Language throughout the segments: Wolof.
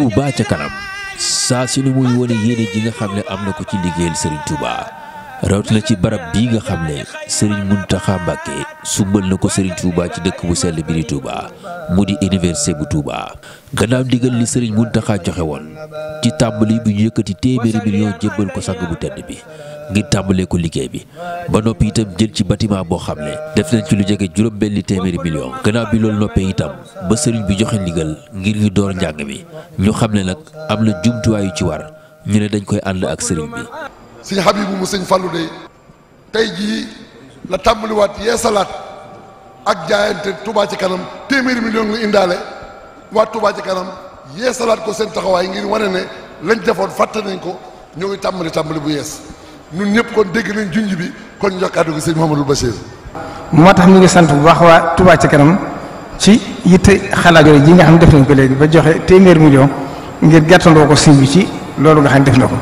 Touba ca kanam saa su ne muy wane yéene ji nga xam ne am na ko ci liggéeyal Serigne Touba rawatina ci barab bii nga xam ne Serigne Mountakha Mbacké sumbal na ko Serigne Touba ci dëkk bu sell bi di Touba mu di université bu Touba. gannaaw ndigal li Serigne Mountakha joxe woon ci tàmbali bi ñu yëkkati téeméeri million jébbal ko sang bu tedd bi ngir tàmbalee ko liggéey bi ba noppi itam jël ci bâtiment boo xam ne def nañ ci lu jege juróom benni téeméeri million gannaaw bi loolu noppee itam ba Serigne bi joxe ndigal ngir ñu door njàng mi ñu xam ne nag am na jumtuwaay yu ci war ñu ne dañ koy ànd ak Serigne bi. sëñ Habibu mu sëñ Fallou dey tey jii la tàmbaliwaat yee salaat ak jaayante Touba ci kanam téeméeri million la indaale waa Touba ci kanam yee salaat ko seen taxawaay ngir wane ne lañ defoon fàtte nañ ko ñëw ngi tàmbali tàmbali bu yees ñun ñëpp kon dégg nañ junj bi kon jox kàddu gi sëñ Mouhamadou Bachir. moo tax ñu ngi sant bu baax waa tubaat ci kanam ci yitte xalaajo ji nga xam def nañ ko léegi ba joxe téeméeri million ngir gàttandoo ko sëñ bi ci loolu nga def na ko.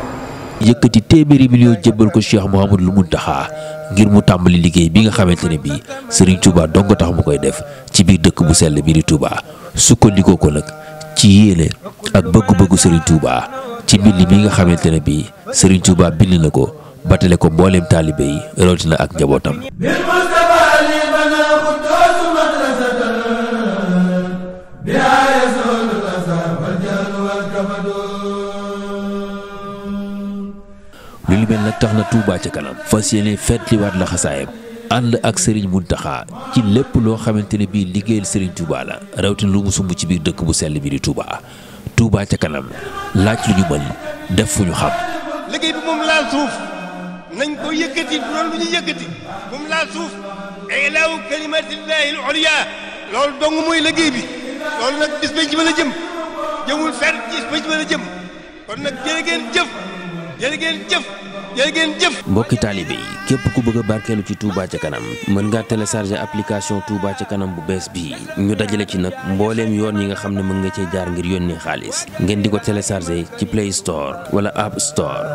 yëkkati téeméeri million jébbal ko lu Mouhamadul Mountakha ngir mu tàmbali liggéey bi nga xamante ne bii Serigne Touba dong tax mu koy def ci biir dëkk bu sell bi di Touba sukkandikoo ko nag ci yéene ak bëgg-bëggu Serigne Touba ci mbind mi nga xamante ne bii Serigne Touba bind na ko batale ko mbooleem taalibe yi rawatina ak njabootam. lu li mel nag tax na Touba ca kanam fas yéene fetliwaat la xasaayam ànd ak sëriñ Mountakha ci lépp loo xamante ne bii liggéeyal Serigne Touba la rawatina lu mu sumb ci biir dëkk bu sell bi di Touba tuuba ca kanam laaj lu ñu mën def fu ñu xam. liggéey bi moom laal suuf nañ ko yëkkati bu doon lu moom laal suuf ilaaw kalimatillahi ulya loolu dong mooy liggéey bi loolu nag ci mën a jëm jëmul fenn ci mën a jëm kon nag jërë ngeen jëf. jërë ngeen jëf jërë mbokki taalibe yi képp ku bëgg a barkeelu ci Touba ca kanam mën ngaa télécharger application Touba ca kanam bu bees bii ñu dajale ci nag mbooleem yoon yi nga xam ne mën nga cee jaar ngir yónnee xaalis ngeen di ko télécharger ci Play Store wala App Store.